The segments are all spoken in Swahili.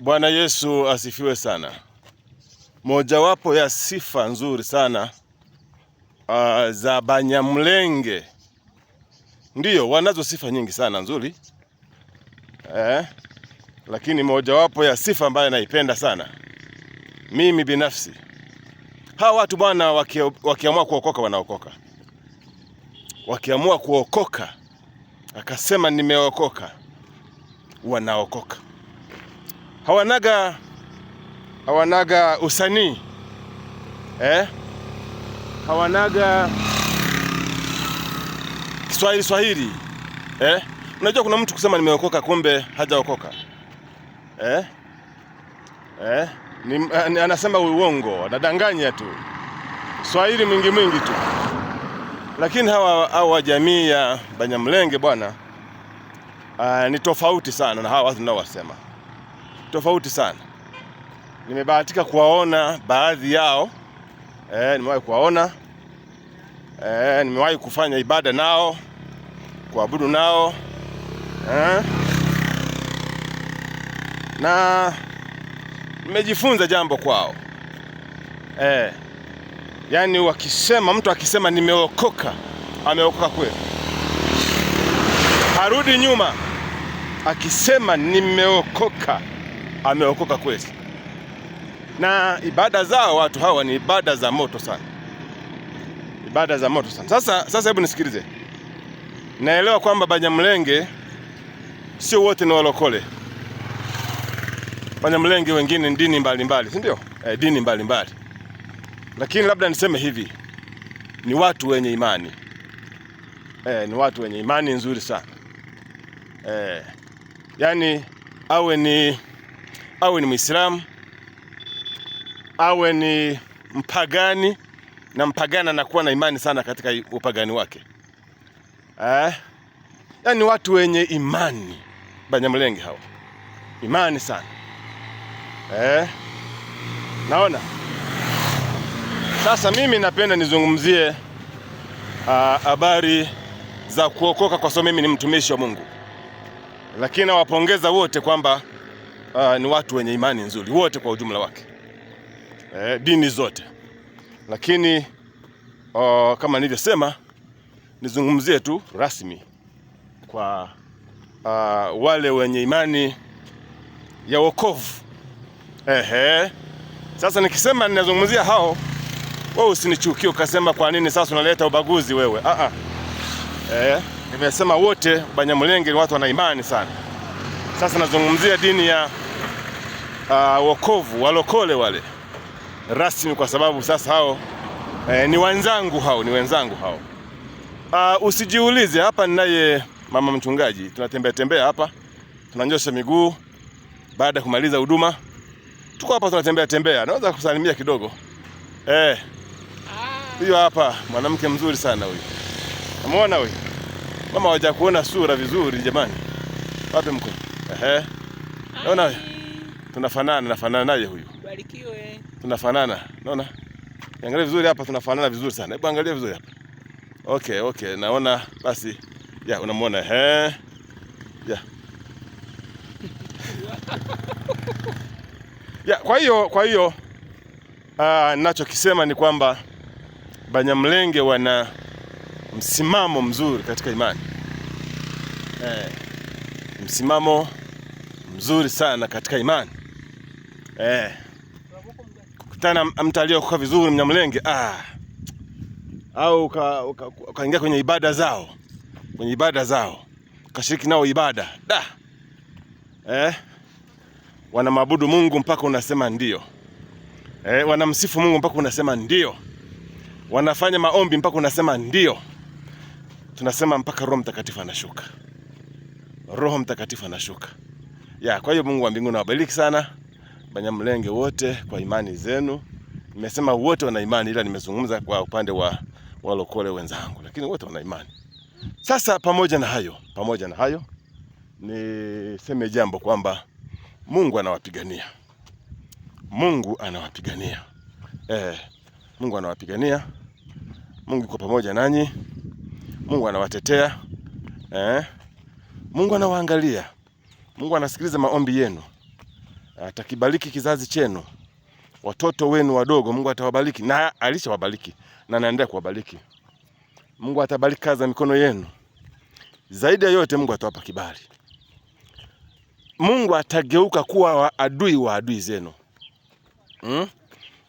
Bwana Yesu asifiwe sana. Mojawapo ya sifa nzuri sana uh, za banyamlenge ndiyo wanazo sifa nyingi sana nzuri eh, lakini mojawapo ya sifa ambayo naipenda sana mimi binafsi, hawa watu bwana, wakiamua kuokoka wanaokoka, wakiamua kuokoka akasema nimeokoka, wanaokoka hawanaga hawanaga usanii eh? hawanaga Kiswahili Swahili eh? Unajua kuna mtu kusema nimeokoka kumbe hajaokoka eh? Eh? Ni, anasema uongo, anadanganya tu Swahili mwingi mwingi tu, lakini hawa hawa jamii ya banyamlenge bwana, uh, ni tofauti sana na hawa watu ninao wasema tofauti sana. Nimebahatika kuwaona baadhi yao e, nimewahi kuwaona e, nimewahi kufanya ibada nao, kuabudu nao e, na nimejifunza jambo kwao e, yaani wakisema, mtu akisema nimeokoka, ameokoka kweli, harudi nyuma. Akisema nimeokoka ameokoka kweli. Na ibada zao watu hawa ni ibada za moto sana, ibada za moto sana. Sasa sasa, hebu nisikilize. Naelewa kwamba Banyamulenge sio wote ni walokole. Banyamulenge wengine ni dini mbalimbali, si ndio? Eh, dini mbalimbali, lakini labda niseme hivi, ni watu wenye imani eh, ni watu wenye imani nzuri sana eh, yani awe ni awe ni Muislamu, awe ni mpagani, na mpagani anakuwa na imani sana katika upagani wake eh? Yaani watu wenye imani Banyamulenge hao, imani sana eh? Naona sasa, mimi napenda nizungumzie ah, habari za kuokoka, kwa sababu mimi ni mtumishi wa Mungu, lakini nawapongeza wote kwamba uh, ni watu wenye imani nzuri wote kwa ujumla wake, eh, dini zote. Lakini uh, kama nilivyosema, nizungumzie tu rasmi kwa uh, wale wenye imani ya wokovu. Ehe, sasa nikisema ninazungumzia hao, wewe usinichukie ukasema kwa nini sasa unaleta ubaguzi wewe. Ah ah, eh, nimesema wote Banyamulenge ni watu wana imani sana. Sasa nazungumzia dini ya uh, wokovu walokole wale rasmi, kwa sababu sasa hao eh, ni wenzangu hao ni wenzangu hao. Uh, usijiulize hapa, ninaye mama mchungaji, tunatembea tembea hapa, tunanyosha miguu baada ya kumaliza huduma, tuko hapa tunatembea tembea, naweza kusalimia kidogo eh. Huyo hapa mwanamke mzuri sana huyu, namwona huyu mama, waja kuona sura vizuri jamani, wapi mkono. Ehe. Naona tunafanana, nafanana naye huyu. Barikiwe. Tunafanana. Naona? Angalia vizuri hapa, tunafanana vizuri sana. Hebu angalia vizuri hapa. Okay, okay. Naona basi. Ya, unamwona. Ehe. Ya. Ya, kwa hiyo kwa hiyo ah, ninachokisema ni kwamba banyamlenge wana msimamo mzuri katika imani. Eh, msimamo mzuri sana katika imani eh. Kukutana mtalii kukaa vizuri Mnyamlenge ah. au ukaingia uka, uka, uka kwenye ibada zao kwenye ibada zao kashiriki nao ibada da eh. Wanamwabudu Mungu mpaka unasema ndio eh. Wanamsifu Mungu mpaka unasema ndio. Wanafanya maombi mpaka unasema ndio. Tunasema mpaka Roho Mtakatifu anashuka. Roho Mtakatifu anashuka ya. Kwa hiyo Mungu wa mbinguni awabariki sana Banyamulenge wote kwa imani zenu. Nimesema wote wana imani, ila nimezungumza kwa upande wa walokole wenzangu, lakini wote wana imani. Sasa pamoja na hayo, pamoja na hayo niseme jambo kwamba Mungu anawapigania, Mungu anawapigania eh, Mungu anawapigania, Mungu yuko pamoja nanyi, Mungu anawatetea eh, Mungu anawaangalia. Mungu anasikiliza maombi yenu, ah, atakibariki kizazi chenu, watoto wenu wadogo, Mungu atawabariki na alishawabariki na anaendelea kuwabariki. Mungu atabariki kazi za mikono yenu, zaidi ya yote Mungu atawapa kibali. Mungu atageuka kuwa adui wa adui zenu hmm?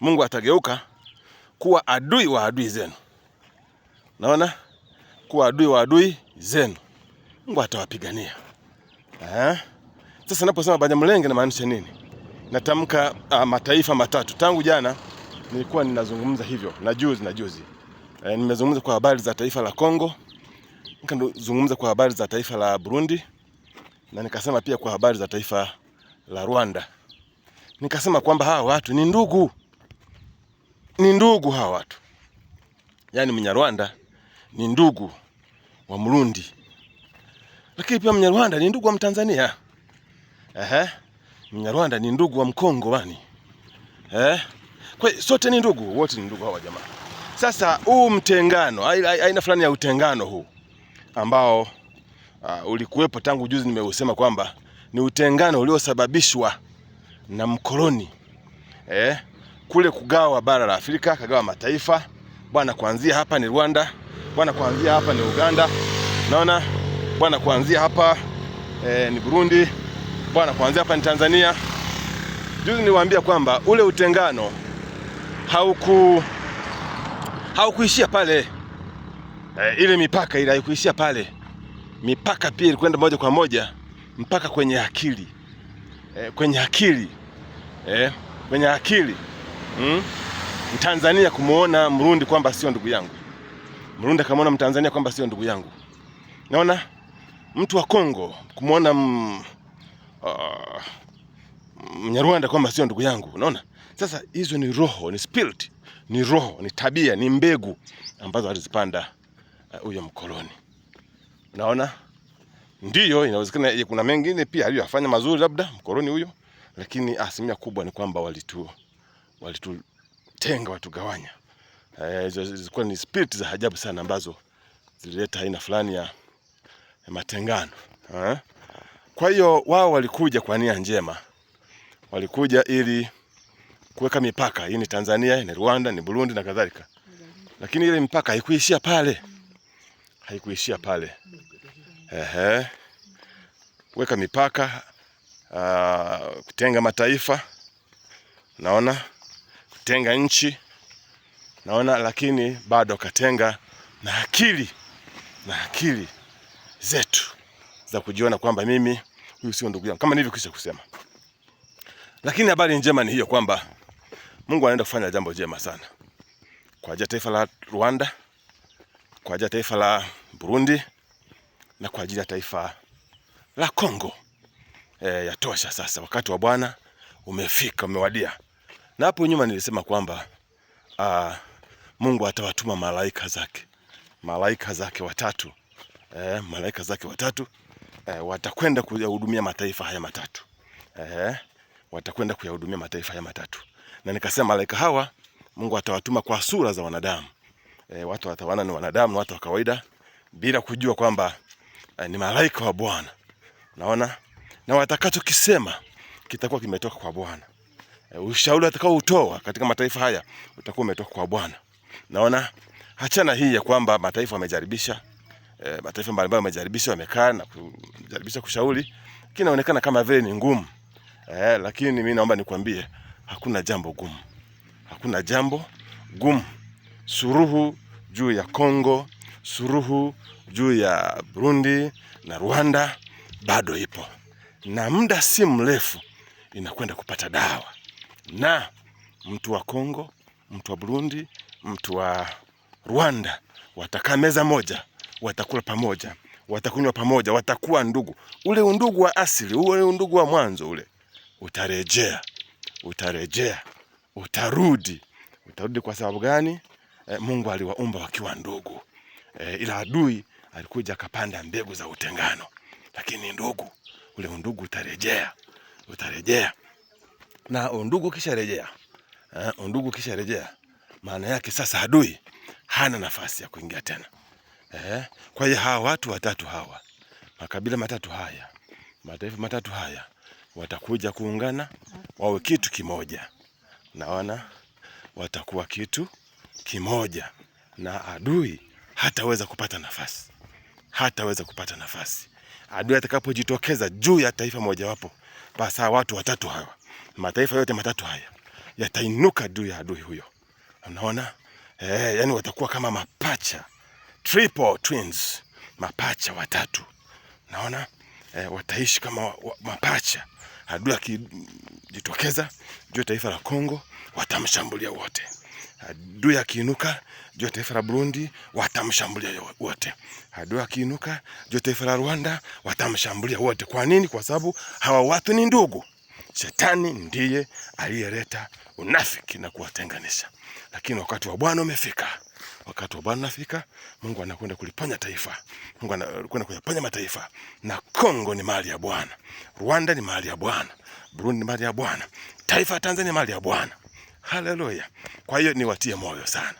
Mungu atageuka kuwa adui wa adui zenu, naona kuwa adui wa adui zenu. Mungu atawapigania. Eh? Sasa naposema Banyamulenge namaanisha nini? Natamka uh, mataifa matatu. Tangu jana nilikuwa ninazungumza hivyo na juzi na juzi Eh, nimezungumza kwa habari za taifa la Kongo, nikazungumza kwa habari za taifa la Burundi na nikasema pia kwa habari za taifa la Rwanda. Nikasema kwamba hawa watu ni ndugu, ni ndugu hawa watu, yaani Mnyarwanda ni ndugu wa Mrundi lakini pia Mnyarwanda ni ndugu wa Mtanzania. Ehe, Mnyarwanda ni ndugu wa Mkongo wani Eh, kwa sote ni ndugu, wote ni ndugu hawa jamaa. Sasa huu mtengano, aina fulani ya utengano huu ambao uh, ulikuwepo tangu juzi, nimeusema kwamba ni utengano uliosababishwa na mkoloni eh, kule kugawa bara la Afrika, kagawa mataifa bwana, kuanzia hapa ni Rwanda bwana, kuanzia hapa ni Uganda, naona bwana, kuanzia hapa e, ni Burundi bwana, kuanzia hapa ni Tanzania. Juzi niliwaambia kwamba ule utengano hauku haukuishia pale e, ile mipaka ile haikuishia pale. Mipaka pia ilikwenda moja kwa moja mpaka kwenye akili e, kwenye akili e, kwenye akili mm? Mtanzania kumuona Mrundi kwamba sio ndugu yangu, Mrundi akamwona Mtanzania kwamba sio ndugu yangu. Naona mtu wa Kongo kumwona uh, Mnyarwanda kwamba sio ndugu yangu. Unaona, sasa hizo ni roho, ni spirit, ni roho, ni tabia, ni mbegu ambazo alizipanda eh, huyo uh, mkoloni. Unaona, ndiyo inawezekana kuna mengine pia aliyofanya mazuri labda mkoloni huyo, lakini asilimia kubwa ni kwamba walitu walitutenga, walitugawanya. Eh, hizo uh, ni spirit za ajabu sana ambazo zilileta aina fulani ya matengano ha? Eh? Kwa hiyo wao walikuja kwa nia njema, walikuja ili kuweka mipaka. Hii ni Tanzania, ni Rwanda, ni Burundi na kadhalika, lakini ile mipaka haikuishia pale, haikuishia pale. Ehe, Weka mipaka, uh, kutenga mataifa, naona kutenga nchi, naona, lakini bado akatenga na akili na akili za kujiona kwamba mimi huyu sio ndugu yangu kama nilivyokwisha kusema. Lakini habari njema ni hiyo kwamba Mungu anaenda kufanya jambo jema sana kwa ajili ya taifa la Rwanda, kwa ajili ya taifa la Burundi na kwa ajili ya taifa la Kongo. E, eh, yatosha sasa, wakati wa Bwana umefika, umewadia. Na hapo nyuma nilisema kwamba aa, ah, Mungu atawatuma malaika zake, malaika zake watatu, e, malaika zake watatu eh, watakwenda kuyahudumia mataifa haya matatu eh, watakwenda kuyahudumia mataifa haya matatu. Na nikasema malaika hawa Mungu atawatuma kwa sura za wanadamu eh, watu watawana ni wanadamu, watu wa kawaida, bila kujua kwamba eh, ni malaika wa Bwana. Naona na watakachokisema kitakuwa kimetoka kwa Bwana. Eh, ushauri atakao utoa katika mataifa haya utakuwa umetoka kwa Bwana. Naona hachana hii ya kwamba mataifa wamejaribisha Eh, mataifa mbalimbali wamejaribisha, wamekaa na kujaribisha kushauri, inaonekana kama vile ni ngumu eh, lakini mimi naomba nikwambie hakuna jambo gumu, hakuna jambo gumu. Suruhu juu ya Kongo, suruhu juu ya Burundi na Rwanda bado ipo, na muda si mrefu inakwenda kupata dawa. Na mtu wa Kongo, mtu wa Burundi, mtu wa Rwanda watakaa meza moja watakula pamoja, watakunywa pamoja, watakuwa ndugu. Ule undugu wa asili, ule undugu wa mwanzo ule utarejea, utarejea, utarudi. Utarudi kwa sababu gani? E, Mungu aliwaumba wakiwa ndugu. E, ila adui alikuja akapanda mbegu za utengano, lakini ndugu, ule undugu utarejea, utarejea. Na undugu kisha rejea, eh, undugu kisha rejea, maana yake sasa adui hana nafasi ya kuingia tena. Eh, kwa hiyo hawa watu watatu hawa makabila matatu haya mataifa matatu haya watakuja kuungana wawe kitu kimoja, naona watakuwa kitu kimoja na adui hataweza kupata nafasi, hataweza kupata nafasi. Adui atakapojitokeza juu ya taifa mojawapo, basi watu watatu hawa, mataifa yote matatu haya yatainuka juu ya adui huyo, unaona eh, yani watakuwa kama mapacha triple twins, mapacha watatu. Naona e, wataishi kama wa, wa, mapacha. Adui akijitokeza juu ya taifa la Kongo watamshambulia wote. Adui akiinuka juu ya taifa la Burundi watamshambulia wote. Adui akiinuka juu ya taifa la Rwanda watamshambulia wote. Kwa nini? Kwa sababu hawa watu ni ndugu. Shetani ndiye aliyeleta unafiki na kuwatenganisha, lakini wakati wa Bwana umefika. Wakati wa Bwana nafika, Mungu anakwenda kulipanya taifa, Mungu anakwenda kuyapanya mataifa. Na Kongo ni mali ya Bwana, Rwanda ni mali ya Bwana, Burundi ni mali ya Bwana, taifa la Tanzania mali ya Bwana. Haleluya! Kwa hiyo niwatie moyo sana,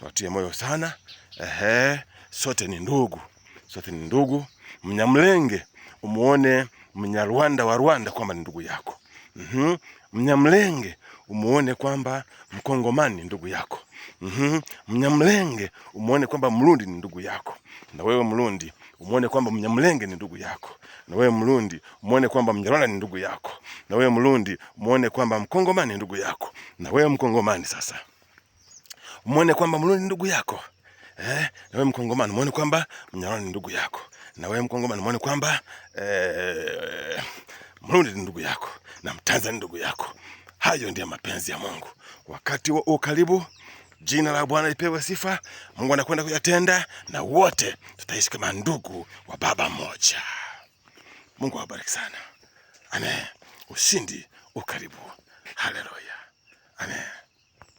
niwatie moyo sana. Ehe, sote ni ndugu, sote ni ndugu. Mnyamlenge umuone Mnyarwanda wa Rwanda kwamba ni ndugu yako. mm -hmm. Mnyamlenge umuone kwamba Mkongomani ndugu yako mm -hmm. Mnyamlenge umwone kwamba Mrundi ni ndugu yako, na wewe Mrundi umwone kwamba Mnyamlenge ni ndugu yako, na wewe Mrundi umwone kwamba Mnyarwanda ni ndugu yako, na wewe Mrundi umwone kwamba Mkongomani ni ndugu yako, na wewe Mkongomani sasa umwone kwamba Mrundi ni ndugu yako eh, na wewe Mkongomani umwone kwamba Mnyarwanda ni ndugu yako, na wewe Mkongomani umwone kwamba eh, Mrundi ni ndugu yako na Mtanzania ndugu yako. Hayo ndiyo mapenzi ya Mungu wakati wa ukaribu. Jina la Bwana lipewe sifa. Mungu anakwenda kuyatenda, na wote tutaishi kama ndugu wa baba mmoja. Mungu awabariki sana. Amen. Ushindi ukaribu. Haleluya. Amen.